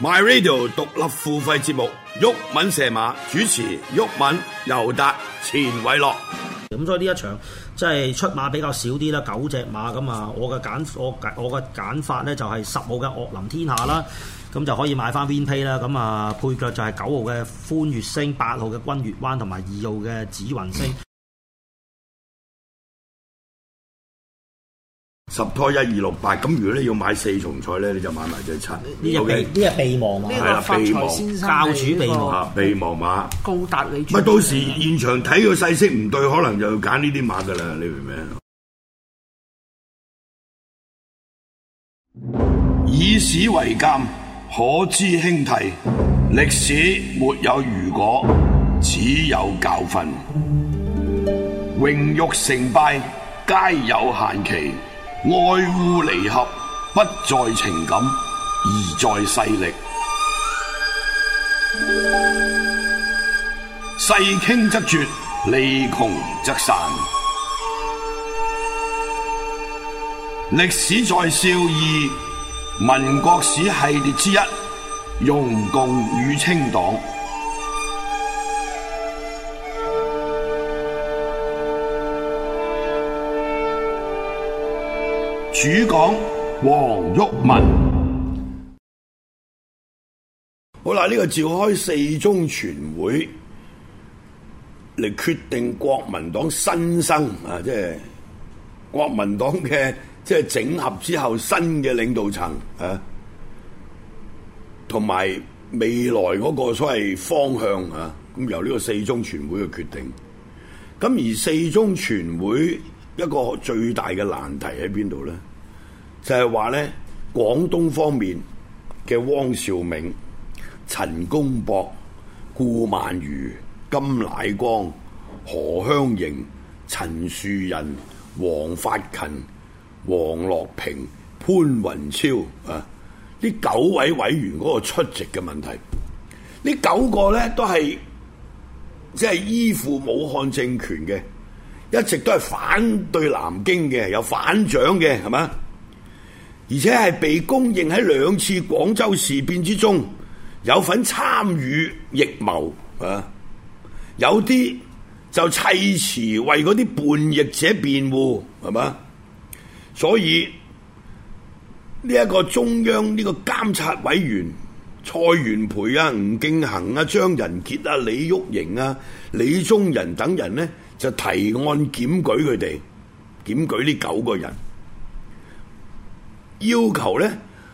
My Radio 獨立付費節目，毓民射馬主持，毓民、尤達、錢偉樂。咁所以呢一場即係、就是、出馬比較少啲啦，九隻馬咁啊，我嘅揀我揀我嘅揀法咧就係、是、十號嘅嶽林天下啦，咁就可以買翻 VNP 啦，咁啊配腳就係九號嘅歡悅星、八號嘅君悅灣同埋二號嘅紫雲星。十拖一二六八，咁如果你要買四重彩咧，你就買埋隻七。呢隻備呢隻備忘啊，係啦，備忘、教主備忘啊，備忘馬。高達你。咪到時現場睇個勢色唔對，可能就要揀呢啲馬噶啦，你明唔明？以史為鑑，可知興替。歷史沒有如果，只有教訓。榮辱成敗，皆有限期。愛烏離合，不在情感，而在勢力。勢傾則絕，利窮則散。歷史在笑貳，民國史系列之一，容共與清黨。主講黃毓民，好啦，呢個召開四中全會嚟決定國民黨新生啊，即係國民黨嘅即係整合之後新嘅領導層啊，同埋未來嗰個所謂方向啊，咁由呢個四中全會嘅決定。咁而四中全會一個最大嘅難題喺邊度咧？就係話呢，廣東方面嘅汪兆銘、陳公博、顧孟餘、甘乃光、何香凝、陳樹人、王法勤、王樂平、潘雲超啊，呢九位委員嗰個出席嘅問題，呢九個呢都係即係依附武漢政權嘅，一直都係反對南京嘅，有反蔣嘅，係嘛？而且係被公認喺兩次廣州事變之中有份參與逆謀啊！有啲就砌詞為嗰啲叛逆者辯護係嘛？所以呢一個中央呢個監察委員蔡元培啊、吳敬恒啊、張人傑啊、李玉瑩啊、李宗仁等人呢，就提案檢舉佢哋，檢舉呢九個人。要求呢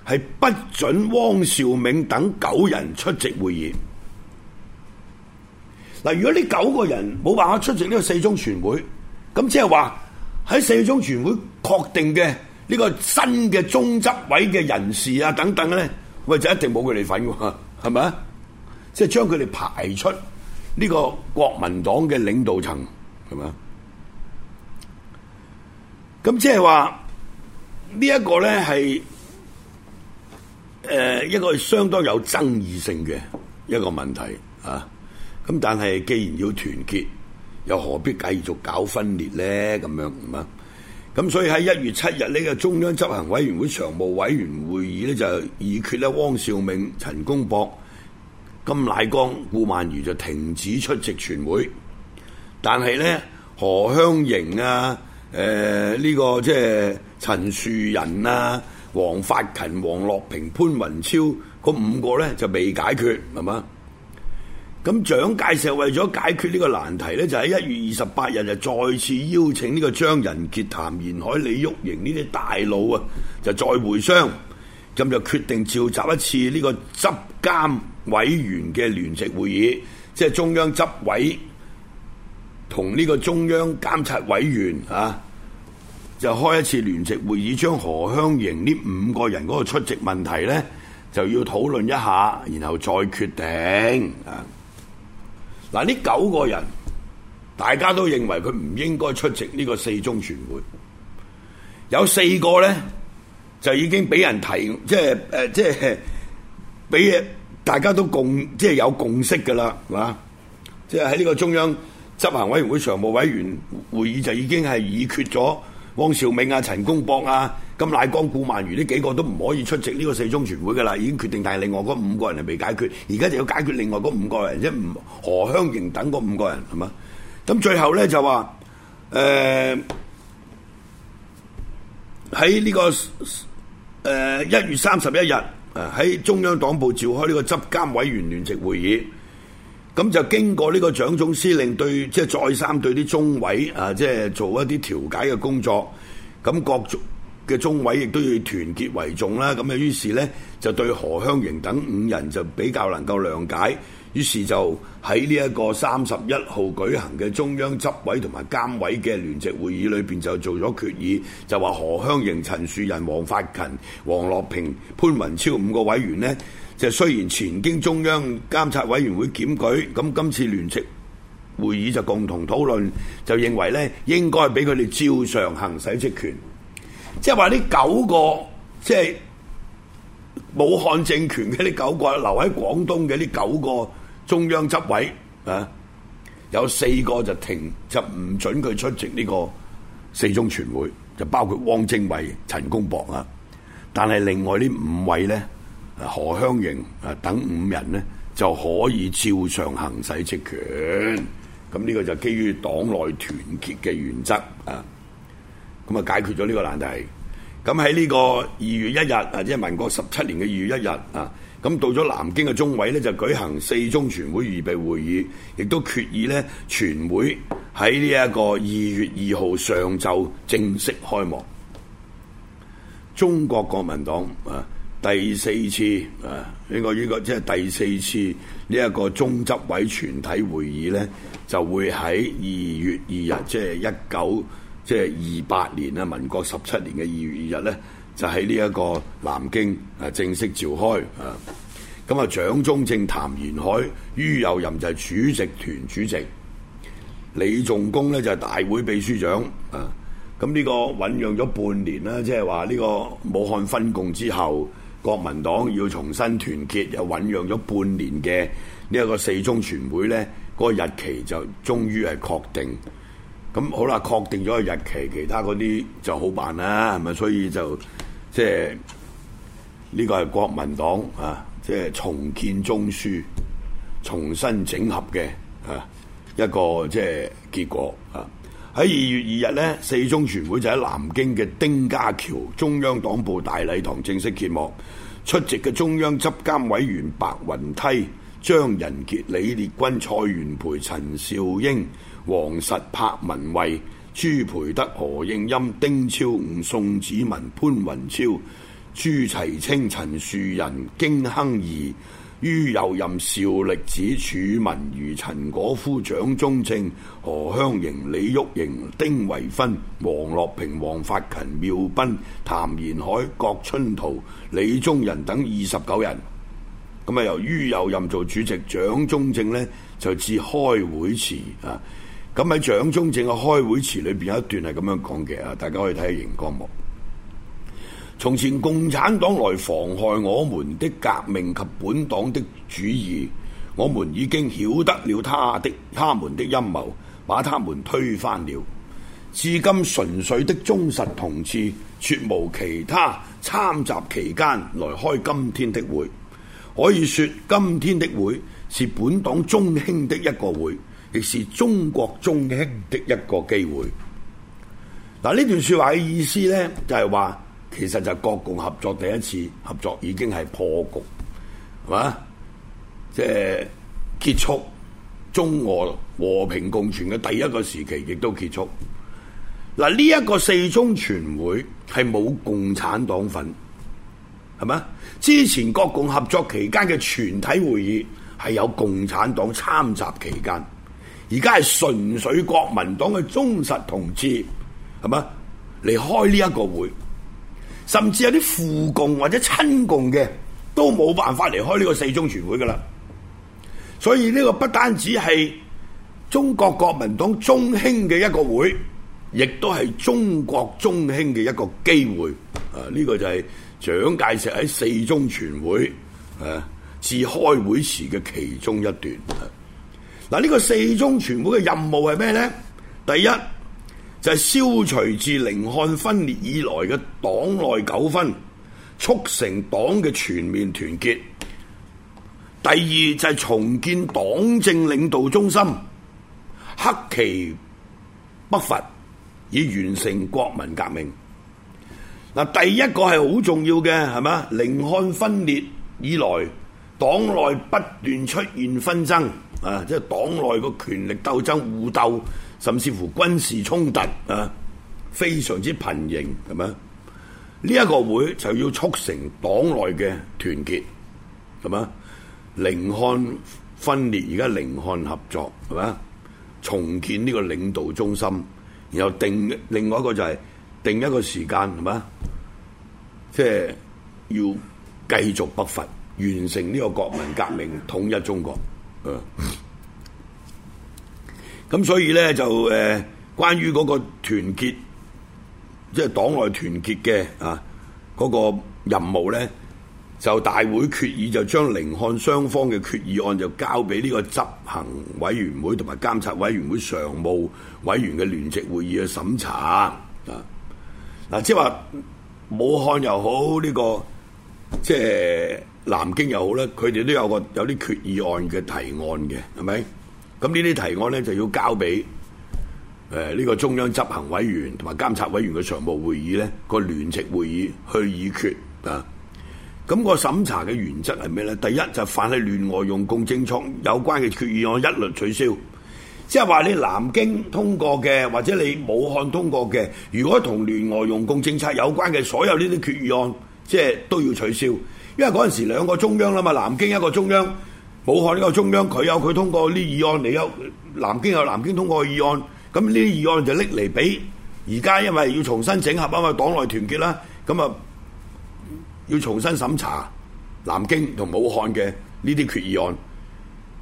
係不准汪兆銘等九人出席會議。嗱，如果呢九個人冇辦法出席呢個四中全會，咁即係話喺四中全會確定嘅呢個新嘅中執委嘅人士啊等等咧，喂就一定冇佢哋份喎，係咪？即係將佢哋排出呢個國民黨嘅領導層，係咪啊？咁即係話。呢一個呢係誒一個相當有爭議性嘅一個問題啊！咁但係既然要團結，又何必繼續搞分裂呢？咁樣唔啊？咁所以喺一月七日呢個中央執行委員會常務委員會議呢，就議決呢，汪兆銘、陳公博、甘乃光、顧孟餘就停止出席全會。但係呢，何香凝啊，誒、呃、呢、呢個即係。陳樹人啊、王法勤、王樂平、潘雲超嗰五個呢就未解決，係嘛？咁蔣介石為咗解決呢個難題呢，就喺一月二十八日就再次邀請呢個張人傑、譚延海、李煜瀛呢啲大佬啊，就再會商，咁就決定召集一次呢個執監委員嘅聯席會議，即係中央執委同呢個中央監察委員啊。就開一次聯席會議，將何香凝呢五個人嗰個出席問題呢，就要討論一下，然後再決定啊！嗱，呢九個人大家都認為佢唔應該出席呢個四中全會，有四個呢，就已經俾人提，即係誒、呃，即係俾大家都共，即係有共識噶啦，係嘛，即係喺呢個中央執行委員會常務委員會議就已經係已決咗。汪兆銘啊、陳公博啊、甘乃光、顧萬如呢幾個都唔可以出席呢個四中全會㗎喇，已經決定，但係另外嗰五個人係未解決，而家就要解決另外嗰五個人啫。唔何香凝等嗰五個人係嘛？咁最後咧就話誒喺呢個誒一、呃、月三十一日啊喺中央黨部召開呢個執監委員聯席會議。咁就經過呢個蔣總司令對即係再三對啲中委啊，即係做一啲調解嘅工作。咁各嘅中委亦都要團結為重啦。咁啊，於是呢，就對何香凝等五人就比較能夠諒解。於是就喺呢一個三十一號舉行嘅中央執委同埋監委嘅聯席會議裏邊，就做咗決議，就話何香凝、陳樹人、王法勤、王樂平、潘文超五個委員呢，就雖然前經中央監察委員會檢舉，咁今次聯席會議就共同討論，就認為咧應該俾佢哋照常行使職權，即係話呢九個即係武漢政權嘅呢九個留喺廣東嘅呢九個中央執委啊，有四個就停就唔准佢出席呢個四中全會，就包括汪精衛、陳公博啊，但係另外呢五位咧。何香凝啊等五人咧就可以照常行使職權，咁呢個就基於黨內團結嘅原則啊，咁啊解決咗呢個難題。咁喺呢個二月一日啊，即係民國十七年嘅二月一日啊，咁到咗南京嘅中委呢就舉行四中全會預備會議，亦都決議呢全會喺呢一個二月二號上晝正式開幕。中國國民黨啊！第四次啊，呢個呢個即係第四次呢一個中執委全體會議呢，就會喺二月二日，即係一九即係二八年啊，民國十七年嘅二月二日呢，就喺呢一個南京啊正式召開啊。咁啊，蔣中正、譚延闓、于右任就係主席團主席，李仲公呢就係大會秘書長啊。咁呢個醖釀咗半年啦，即係話呢個武漢分共之後。國民黨要重新團結，又醖釀咗半年嘅呢一個四中全會呢嗰、那個日期就終於係確定。咁好啦，確定咗個日期，其他嗰啲就好辦啦，係咪？所以就即係呢、這個係國民黨啊，即係重建中樞、重新整合嘅啊一個即係結果啊。喺二月二日呢，四中全會就喺南京嘅丁家橋中央黨部大禮堂正式揭幕。出席嘅中央執監委員白雲梯、張人傑、李烈鈞、蔡元培、陳肇英、王實、柏文蔚、朱培德、何應欽、丁超五、吳宋子文、潘雲超、朱霽青、陳樹人、經亨頤、于右任、邵力子、楚民如、陳果夫、蔣中正、何香凝、李玉瑩、丁惟汾、王樂平、王法勤、繆斌、譚延闓、郭春濤、李宗仁等二十九人，咁啊，由于右任做主席，蔣中正呢就致開會詞啊，咁喺蔣中正嘅開會詞裏邊有一段係咁樣講嘅啊，大家可以睇下熒光幕。從前共產黨來妨害我們的革命及本黨的主義，我們已經曉得了他的、他們的陰謀，把他們推翻了。至今純粹的忠實同志，絕無其他參雜其間來開今天的會。可以說今天的會是本黨中興的一個會，亦是中國中興的一個機會。嗱，呢段說話嘅意思呢，就係話。其實就國共合作第一次合作已經係破局，係嘛？即係結束中俄和平共存嘅第一個時期，亦都結束。嗱，呢、這、一個四中全會係冇共產黨份，係嘛？之前國共合作期間嘅全體會議係有共產黨參雜期間，而家係純粹國民黨嘅忠實同志，係嘛？嚟開呢一個會。甚至有啲附共或者親共嘅，都冇辦法離開呢個四中全會噶啦。所以呢個不單止係中國國民黨中興嘅一個會，亦都係中國中興嘅一個機會啊，呢個就係蔣介石喺四中全會啊，至開會時嘅其中一段。嗱、啊，呢個四中全會嘅任務係咩咧？第一。就係消除自寧漢分裂以來嘅黨內糾紛，促成黨嘅全面團結。第二就係、是、重建黨政領導中心，克期北伐，以完成國民革命。嗱，第一個係好重要嘅，係嘛？寧漢分裂以來，黨內不斷出現紛爭，啊，即係黨內個權力鬥爭互鬥。甚至乎軍事衝突啊，非常之頻仍，係咪？呢一個會就要促成黨內嘅團結，係咪？寧漢分裂而家寧漢合作，係咪？重建呢個領導中心，然後定另外一個就係定一個時間，係咪？即係要繼續北伐，完成呢個國民革命，統一中國，嗯。咁所以咧就誒、呃，關於嗰個團結，即係黨內團結嘅啊，嗰、那個任務咧，就大會決議就將寧漢雙方嘅決議案就交俾呢個執行委員會同埋監察委員會常務委員嘅聯席會議去審查啊。嗱、啊，即係話武漢又好，呢、這個即係南京又好咧，佢哋都有個有啲決議案嘅提案嘅，係咪？咁呢啲提案咧就要交俾誒呢個中央執行委員同埋監察委員嘅常務會議咧、呢個聯席會議去議決啊。咁、個審查嘅原則係咩咧？第一就凡係聯俄容共政策有關嘅決議案一律取消。即係話你南京通過嘅或者你武漢通過嘅，如果同聯俄容共政策有關嘅所有呢啲決議案，即係都要取消。因為嗰陣時兩個中央啦嘛，南京一個中央。武漢呢個中央佢有佢通過呢議案，你有南京有南京通過議案，咁呢啲議案就拎嚟俾而家，因為要重新整合啊嘛，黨內團結啦，咁啊要重新審查南京同武漢嘅呢啲決議案。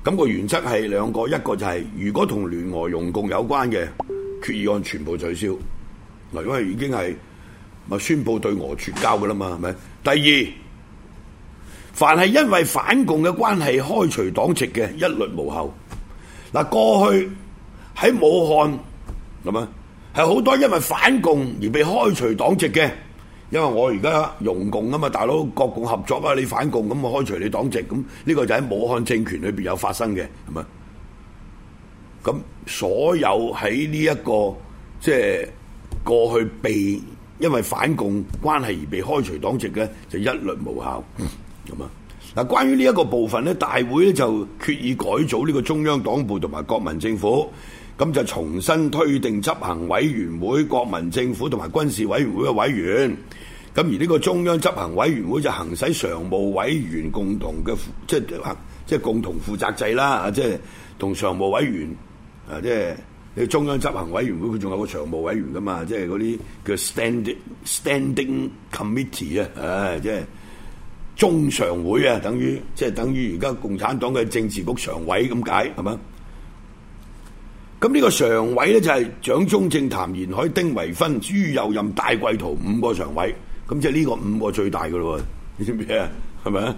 咁個原則係兩個，一個就係如果同聯俄融共有關嘅決議案全部取消。嗱，因為已經係咪宣佈對俄絕交噶啦嘛，係咪？第二。凡係因為反共嘅關係開除黨籍嘅一律無效。嗱，過去喺武漢，諗下係好多因為反共而被開除黨籍嘅，因為我而家容共啊嘛，大佬國共合作啊，你反共咁啊，開除你黨籍，咁呢個就喺武漢政權裏邊有發生嘅，係咪？咁所有喺呢一個即係過去被因為反共關係而被開除黨籍嘅，就一律無效。咁啊！嗱，關於呢一個部分咧，大會咧就決議改組呢個中央黨部同埋國民政府，咁就重新推定執行委員會、國民政府同埋軍事委員會嘅委員。咁而呢個中央執行委員會就行使常務委員共同嘅，即係即係共同負責制啦。啊、即係，即係同常務委員啊，即係你中央執行委員會佢仲有個常務委員㗎嘛？即係嗰啲叫 standing standing committee 啊、即係，啊，即係。中常會啊，等於即係等於而家共產黨嘅政治局常委咁解，係咪？咁呢個常委咧就係、是、蔣中正、譚延闓、丁惟汾、于右任、戴季陶五個常委，咁即係呢個五個最大噶咯。你知唔知啊？係咪啊？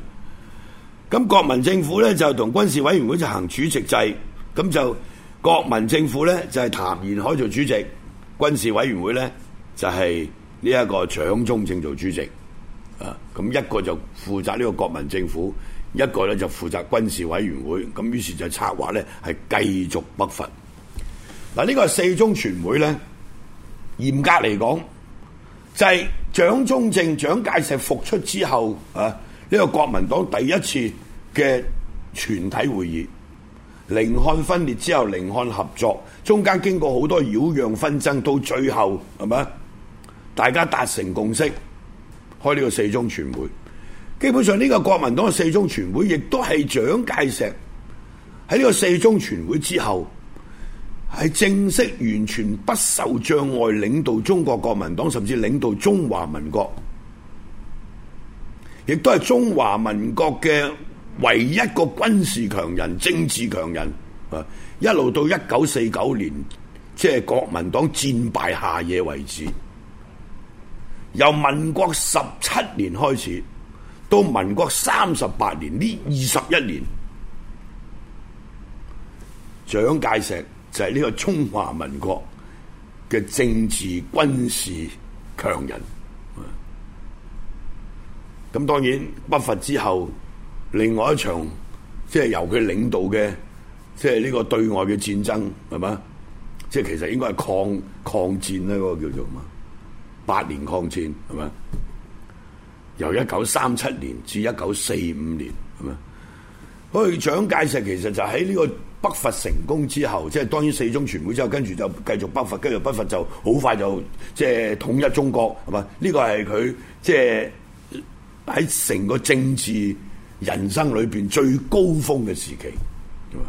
咁國民政府咧就同軍事委員會就行主席制，咁就國民政府咧就係、是、譚延闓做主席，軍事委員會咧就係呢一個蔣中正做主席。啊！咁一個就負責呢個國民政府，一個呢就負責軍事委員會。咁於是就策劃呢係繼續北伐。嗱，呢個四中全會呢，嚴格嚟講，就係蔣中正、蔣介石復出之後啊，呢個國民黨第一次嘅全體會議。寧漢分裂之後，寧漢合作，中間經過好多擾攘紛爭，到最後係咪大家達成共識。開呢個四中全會，基本上呢個國民黨嘅四中全會，亦都係蔣介石喺呢個四中全會之後，係正式完全不受障礙領導中國國民黨，甚至領導中華民國，亦都係中華民國嘅唯一一個軍事強人、政治強人，一路到一九四九年，即係國民黨戰敗下野為止。由民國十七年開始，到民國三十八年呢，二十一年，蔣介石就係呢個中華民國嘅政治軍事強人。咁、嗯、當然北伐之後，另外一場即係、就是、由佢領導嘅，即係呢個對外嘅戰爭，係嘛？即、就、係、是、其實應該係抗抗戰咧，嗰個叫做嘛？八年抗戰係嘛？由一九三七年至一九四五年係嘛？去蔣介石其實就喺呢個北伐成功之後，即係當然四中全會之後，跟住就繼續北伐，跟住北伐就好快就即係統一中國係嘛？呢、呢個係佢即係喺成個政治人生裏邊最高峰嘅時期，係嘛？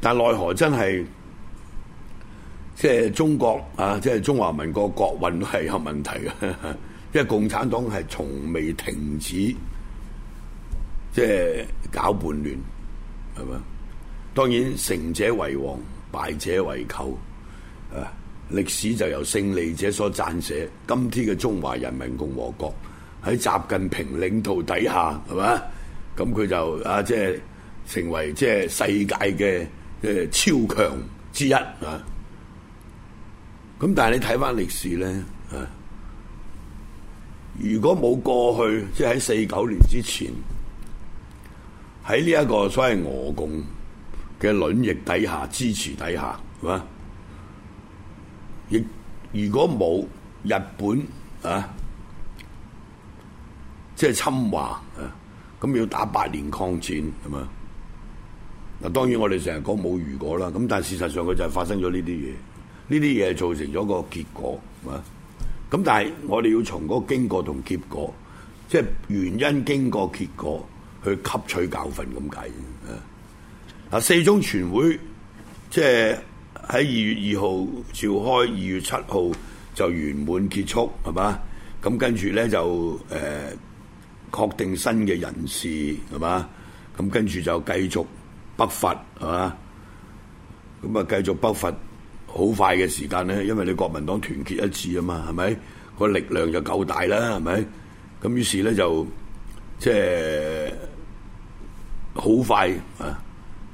但係奈何真係。即係中國啊！即係中華民國國運都係有問題嘅，因為共產黨係從未停止即係搞叛亂係嘛？當然，成者為王，敗者為寇啊！歷史就由勝利者所撰寫。今天嘅中華人民共和國喺習近平領導底下係嘛，咁佢就啊即係成為即係世界嘅即係超強之一啊！咁但係你睇翻歷史咧，啊！如果冇過去，即係喺四九年之前，喺呢一個所謂俄共嘅卵翼底下、支持底下，係嘛？亦如果冇日本啊，即係侵華啊，咁要打八年抗戰，係嘛？嗱，當然我哋成日講冇如果啦，咁但係事實上佢就係發生咗呢啲嘢。呢啲嘢造成咗個結果，係嘛？咁但係我哋要從嗰個經過同結果，即係原因、經過、結果，去吸取教訓咁計。啊，四中全會即係喺二月二號召開，二月七號就圓滿結束，係嘛？咁跟住咧就誒、呃、確定新嘅人事，係嘛？咁跟住就繼續北伐，係嘛？咁啊，繼續北伐。好快嘅時間咧，因為你國民黨團結一致啊嘛，係咪個力量就夠大啦？係咪咁？於是咧就即係好快啊！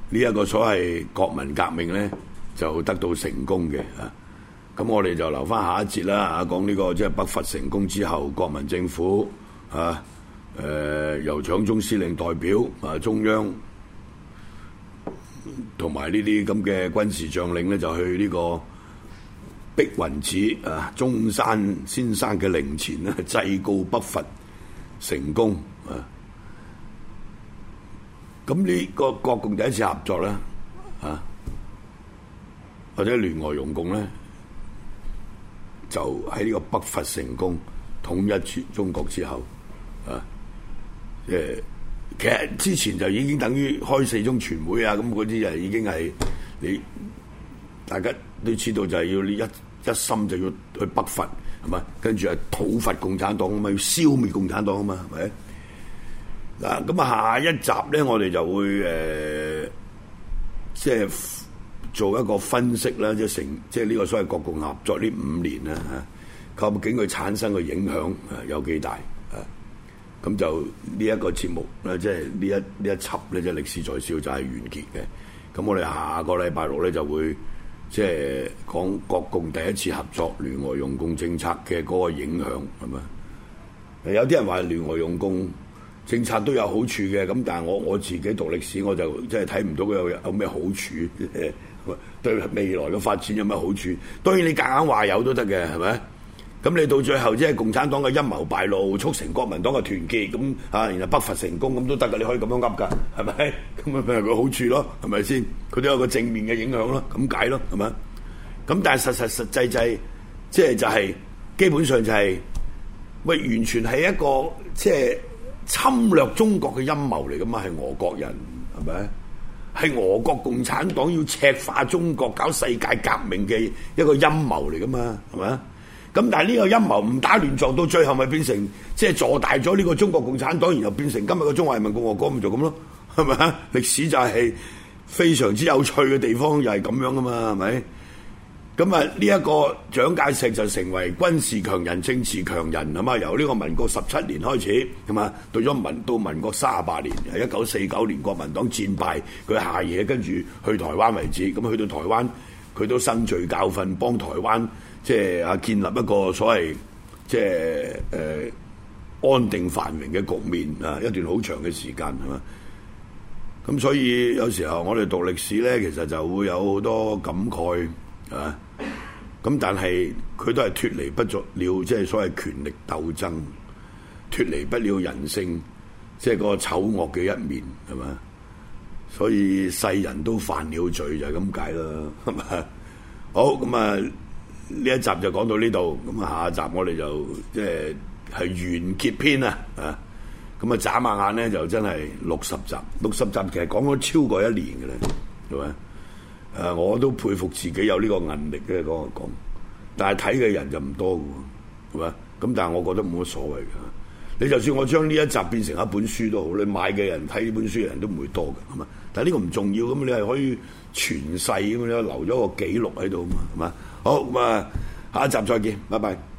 呢、這、一個所謂國民革命咧，就得到成功嘅啊！咁我哋就留翻下一節啦嚇、啊，講呢、這個即係、就是、北伐成功之後，國民政府啊，誒、呃、由蔣總司令代表啊中央。同埋呢啲咁嘅軍事將領咧，就去呢個碧雲寺啊，中山先生嘅靈前咧，祭告北伐成功啊！咁呢個國共第一次合作啦，啊，或者聯俄容共咧，就喺呢個北伐成功統一全中國之後啊，即係。其實之前就已經等於開四中全會啊，咁嗰啲就已經係你大家都知道就，就係要你一一心就要去北伐，係嘛？跟住係討伐共產黨啊嘛，要消滅共產黨啊嘛，係咪？嗱，咁啊下一集咧，我哋就會誒、呃，即係做一個分析啦，即係成，即係呢個所謂國共合作呢五年咧吓、啊，究竟佢產生嘅影響有幾大？咁就呢一個節目咧，即係呢一呢一輯咧，即係《歷史在笑》就係完結嘅。咁我哋下個禮拜六咧就會即係講國共第一次合作聯俄容共政策嘅嗰個影響，係咪？有啲人話聯俄容共政策都有好處嘅，咁但係我我自己讀歷史，我就即係睇唔到佢有有咩好處， 對未來嘅發展有咩好處？當然你夾硬話有都得嘅，係咪？咁你到最後即係共產黨嘅陰謀敗露，促成國民黨嘅團結，咁啊，然後北伐成功，咁都得噶，你可以咁樣噏噶，係咪？咁咪佢好處咯，係咪先？佢都有個正面嘅影響咯，咁解咯，係咪？咁但係實實實際就係、是，即係就係、是、基本上就係、是，喂，完全係一個即係、就是、侵略中國嘅陰謀嚟噶嘛，係俄國人係咪？係俄國共產黨要赤化中國、搞世界革命嘅一個陰謀嚟噶嘛，係咪？咁但係呢個陰謀唔打亂撞，到最後咪變成即係坐大咗呢個中國共產黨，然後變成今日嘅中華人民共和國，咪就咁咯，係咪啊？歷史就係非常之有趣嘅地方，又係咁樣噶嘛，係咪？咁啊，呢、這、一個蔣介石就成為軍事強人、政治強人啊嘛。由呢個民國十七年開始，係嘛，到咗民到民國三十八年，係一九四九年國民黨戰敗，佢下野，跟住去台灣為止。咁去到台灣，佢都生聚教訓，幫台灣。即係啊，建立一個所謂即係誒安定繁榮嘅局面啊，一段好長嘅時間係嘛？咁所以有時候我哋讀歷史咧，其實就會有好多感慨啊。咁但係佢都係脫離不咗了即係所謂權力鬥爭，脫離不了人性，即係個醜惡嘅一面係嘛？所以世人都犯了罪就係咁解啦。係嘛？好咁啊！呢一集就講到呢度，咁啊下一集我哋就即係係完結篇啊，啊咁啊眨下眼咧就真係六十集，六十集其實講咗超過一年嘅咧，係嘛？誒、啊，我都佩服自己有呢個韌力嘅。講講，但係睇嘅人就唔多嘅喎，係嘛？咁但係我覺得冇乜所謂嘅，你就算我將呢一集變成一本書都好，你買嘅人睇呢本書嘅人都唔會多嘅，係嘛？但係呢個唔重要，咁你係可以全世咁樣留咗個記錄喺度啊嘛，係嘛？好，咁啊，那下一集再見，拜拜。